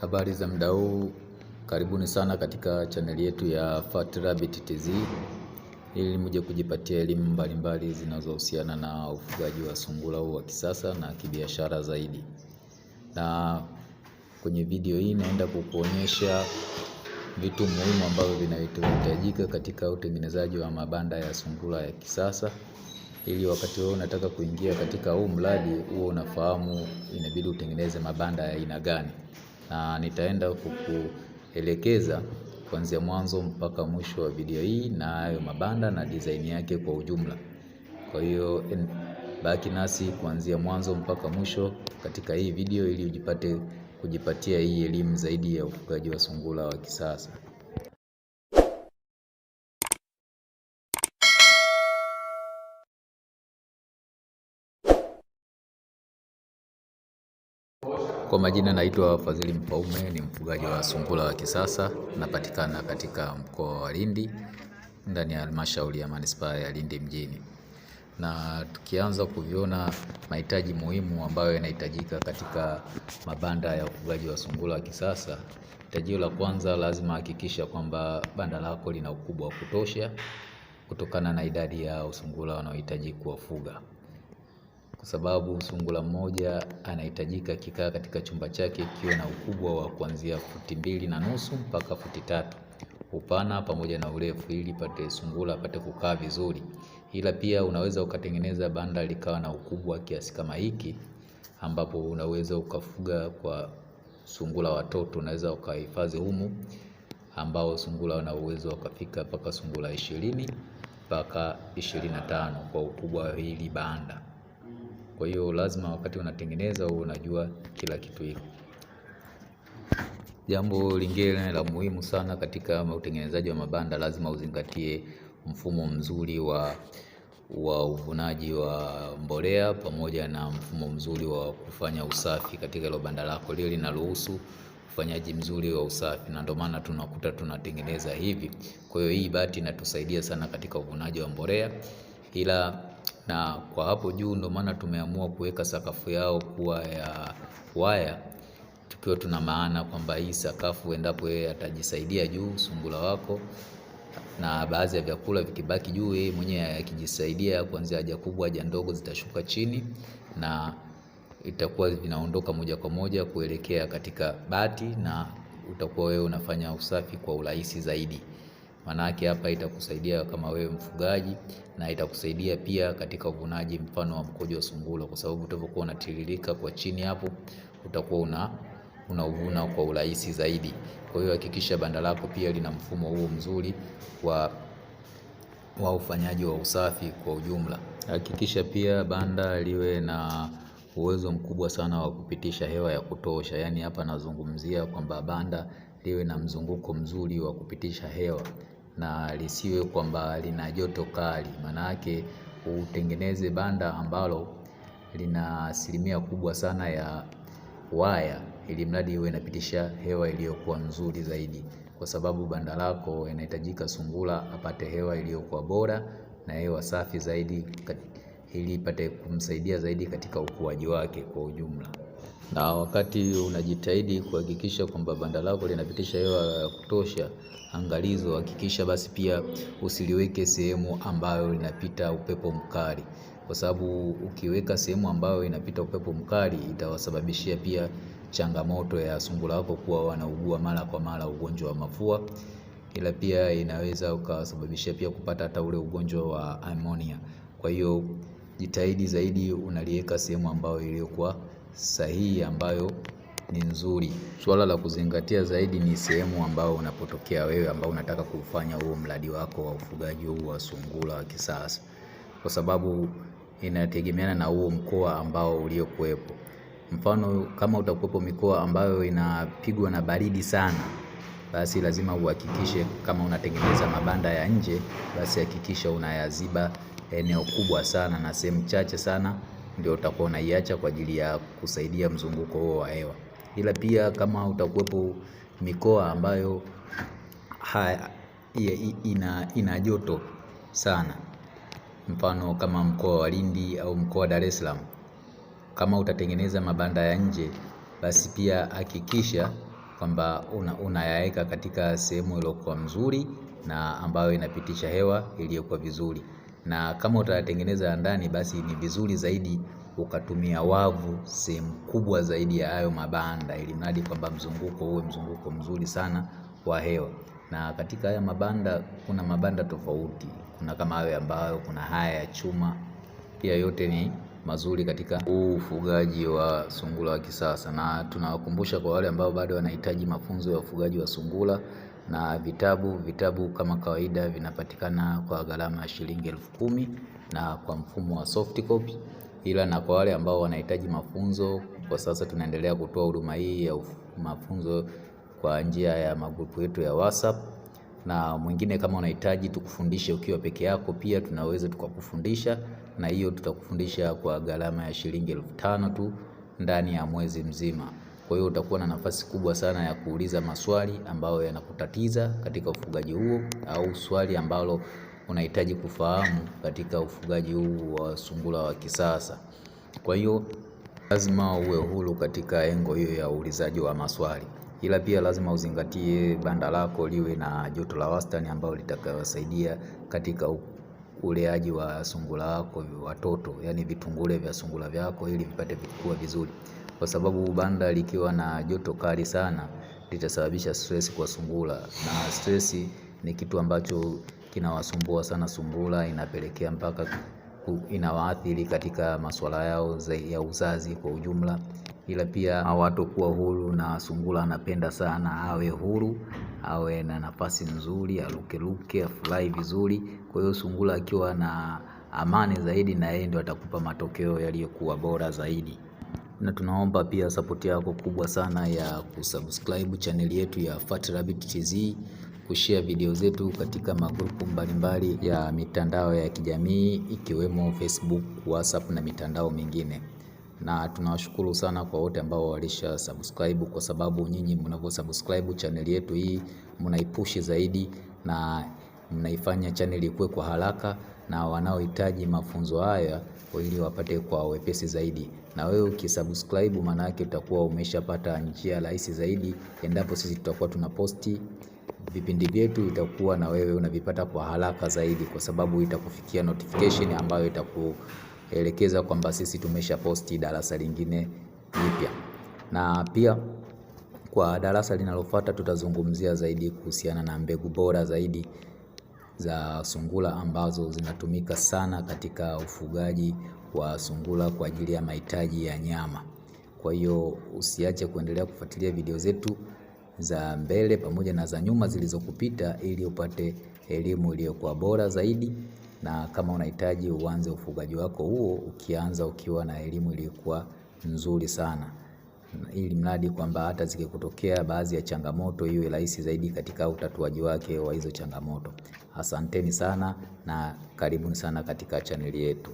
Habari za muda huu, karibuni sana katika chaneli yetu ya FAT-Rabbit TZ ili muje kujipatia elimu mbalimbali zinazohusiana na ufugaji wa sungura huu wa kisasa na kibiashara zaidi. Na kwenye video hii naenda kukuonyesha vitu muhimu ambavyo vinahitajika katika utengenezaji wa mabanda ya sungura ya kisasa ili wakati wewe unataka kuingia katika huu mradi huo unafahamu inabidi utengeneze mabanda ya aina gani na nitaenda kukuelekeza kuanzia mwanzo mpaka mwisho wa video hii na hayo mabanda na design yake kwa ujumla. Kwa hiyo baki nasi kuanzia mwanzo mpaka mwisho katika hii video ili ujipate kujipatia hii elimu zaidi ya ufugaji wa sungura wa kisasa. Kwa majina naitwa Fadhili Mpaume, ni mfugaji wa sungura wa kisasa, napatikana katika mkoa wa Lindi ndani ya halmashauri ya manispaa ya Lindi mjini. Na tukianza kuviona mahitaji muhimu ambayo yanahitajika katika mabanda ya ufugaji wa sungura wa kisasa, hitajio la kwanza, lazima hakikisha kwamba banda lako lina ukubwa wa kutosha kutokana na idadi ya sungura wanaohitaji kuwafuga kwa sababu sungura mmoja anahitajika kikaa katika chumba chake kiwe na ukubwa wa kuanzia futi mbili na nusu mpaka futi tatu upana pamoja na urefu, ili pate sungura apate kukaa vizuri. Ila pia unaweza ukatengeneza banda likawa na ukubwa kiasi kama hiki, ambapo unaweza ukafuga kwa sungura watoto, unaweza ukahifadhi humu, ambao sungura wana uwezo wakafika mpaka sungura ishirini mpaka ishirini na tano kwa ukubwa wa hili banda. Kwa hiyo lazima wakati unatengeneza uwe unajua kila kitu hiko Jambo lingine la muhimu sana katika utengenezaji wa mabanda, lazima uzingatie mfumo mzuri wa wa uvunaji wa mbolea pamoja na mfumo mzuri wa kufanya usafi katika hilo banda lako, lile linaruhusu ufanyaji mzuri wa usafi, na ndio maana tunakuta tunatengeneza hivi. Kwa hiyo hii bati inatusaidia sana katika uvunaji wa mbolea, ila na kwa hapo juu ndo maana tumeamua kuweka sakafu yao kuwa ya waya, tukiwa tuna maana kwamba hii sakafu, endapo yeye atajisaidia juu sungula wako na baadhi ya vyakula vikibaki juu, yeye mwenyewe akijisaidia, kuanzia haja kubwa, haja ndogo zitashuka chini na itakuwa vinaondoka moja kwa moja kuelekea katika bati, na utakuwa wewe unafanya usafi kwa urahisi zaidi. Manake hapa itakusaidia kama wewe mfugaji na itakusaidia pia katika uvunaji mfano wa mkojo wa sungura, kwa sababu utapokuwa unatiririka kwa chini hapo utakuwa una unauvuna kwa urahisi zaidi. Kwa hiyo hakikisha banda lako pia lina mfumo huo mzuri wa wa ufanyaji wa usafi kwa ujumla. Hakikisha pia banda liwe na uwezo mkubwa sana wa kupitisha hewa ya kutosha. Yaani hapa nazungumzia kwamba banda liwe na mzunguko mzuri wa kupitisha hewa na lisiwe kwamba lina joto kali, yake utengeneze banda ambalo lina asilimia kubwa sana ya waya, ili mradi iwe inapitisha hewa iliyokuwa nzuri zaidi, kwa sababu banda lako inahitajika sungura apate hewa iliyokuwa bora na hewa safi zaidi, ili ipate kumsaidia zaidi katika ukuaji wake kwa ujumla na wakati unajitahidi kuhakikisha kwamba banda lako linapitisha hewa ya kutosha, angalizo, hakikisha basi pia usiliweke sehemu ambayo inapita upepo mkali, kwa sababu ukiweka sehemu ambayo inapita upepo mkali itawasababishia pia changamoto ya sungura wako kuwa wanaugua mara kwa mara ugonjwa wa mafua, ila pia inaweza ukawasababishia pia kupata hata ule ugonjwa wa amonia. Kwa hiyo jitahidi zaidi unaliweka sehemu ambayo iliyokuwa sahihi ambayo ni nzuri. Swala la kuzingatia zaidi ni sehemu ambayo unapotokea wewe ambao unataka kufanya huo mradi wako wa ufugaji huu wa sungura wa kisasa, kwa sababu inategemeana na huo mkoa ambao uliokuwepo. Mfano, kama utakuwepo mikoa ambayo inapigwa na baridi sana, basi lazima uhakikishe kama unatengeneza mabanda ya nje, basi hakikisha unayaziba eneo kubwa sana na sehemu chache sana ndio utakuwa unaiacha kwa ajili ya kusaidia mzunguko huo wa hewa. Ila pia kama utakuwepo mikoa ambayo ha, ina, ina joto sana, mfano kama mkoa wa Lindi au mkoa wa Dar es Salaam, kama utatengeneza mabanda ya nje, basi pia hakikisha kwamba unayaweka una katika sehemu iliyokuwa mzuri na ambayo inapitisha hewa iliyokuwa vizuri na kama utayatengeneza ya ndani, basi ni vizuri zaidi ukatumia wavu sehemu kubwa zaidi ya hayo mabanda, ili mradi kwamba mzunguko uwe mzunguko mzuri sana wa hewa. Na katika haya mabanda kuna mabanda tofauti, kuna kama hayo ambayo, kuna haya ya chuma, pia yote ni mazuri katika huu ufugaji wa sungura wa kisasa, na tunawakumbusha kwa wale ambao bado wanahitaji mafunzo ya ufugaji wa sungura na vitabu. Vitabu kama kawaida vinapatikana kwa gharama ya shilingi elfu kumi na kwa mfumo wa soft copy, ila na kwa wale ambao wanahitaji mafunzo, kwa sasa tunaendelea kutoa huduma hii ya mafunzo kwa njia ya magrupu yetu ya WhatsApp na mwingine kama unahitaji tukufundishe ukiwa peke yako, pia tunaweza tukakufundisha, na hiyo tutakufundisha kwa gharama ya shilingi elfu tano tu ndani ya mwezi mzima. Kwa hiyo utakuwa na nafasi kubwa sana ya kuuliza maswali ambayo yanakutatiza katika ufugaji huo au swali ambalo unahitaji kufahamu katika ufugaji huu wa sungura wa kisasa. Kwa hiyo lazima uwe huru katika engo hiyo ya uulizaji wa maswali, ila pia lazima uzingatie banda lako liwe na joto la wastani ambalo litakayowasaidia katika uleaji wa sungura wako watoto, yani vitungule vya sungura vyako ili vipate kukua vizuri, kwa sababu banda likiwa na joto kali sana litasababisha stress kwa sungura, na stress ni kitu ambacho kinawasumbua sana sungura, inapelekea mpaka inawaathiri katika masuala yao ya uzazi kwa ujumla ila pia kuwa huru, na sungura anapenda sana awe huru, awe na nafasi nzuri, arukeruke, afurahi vizuri. Kwa hiyo sungura akiwa na amani zaidi, na yeye ndio atakupa matokeo yaliyokuwa bora zaidi na tunaomba pia sapoti yako kubwa sana ya kusubscribe chaneli yetu ya Rabbit TZ, kushare video zetu katika magrupu mbalimbali ya mitandao ya kijamii ikiwemo Facebook, WhatsApp na mitandao mingine na tunawashukuru sana kwa wote ambao walisha subscribe kwa sababu nyinyi mnavyo subscribe chaneli yetu hii mnaipushi zaidi na mnaifanya chaneli ikue kwa haraka na wanaohitaji mafunzo haya ili wapate kwa wepesi zaidi. Na wewe ukisubscribe, maana yake utakuwa umeshapata njia rahisi zaidi. Endapo sisi tutakuwa tunaposti vipindi vyetu, itakuwa na wewe unavipata kwa haraka zaidi, kwa sababu itakufikia notification ambayo itaku elekeza kwamba sisi tumesha posti darasa lingine jipya, na pia kwa darasa linalofuata tutazungumzia zaidi kuhusiana na mbegu bora zaidi za sungura ambazo zinatumika sana katika ufugaji wa sungura kwa ajili ya mahitaji ya nyama. Kwa hiyo usiache kuendelea kufuatilia video zetu za mbele pamoja na za nyuma zilizokupita ili upate elimu iliyokuwa bora zaidi na kama unahitaji uanze ufugaji wako huo ukianza ukiwa na elimu iliyokuwa nzuri sana, ili mradi kwamba hata zikikutokea baadhi ya changamoto iwe rahisi zaidi katika utatuaji wake wa hizo changamoto. Asanteni sana na karibuni sana katika chaneli yetu.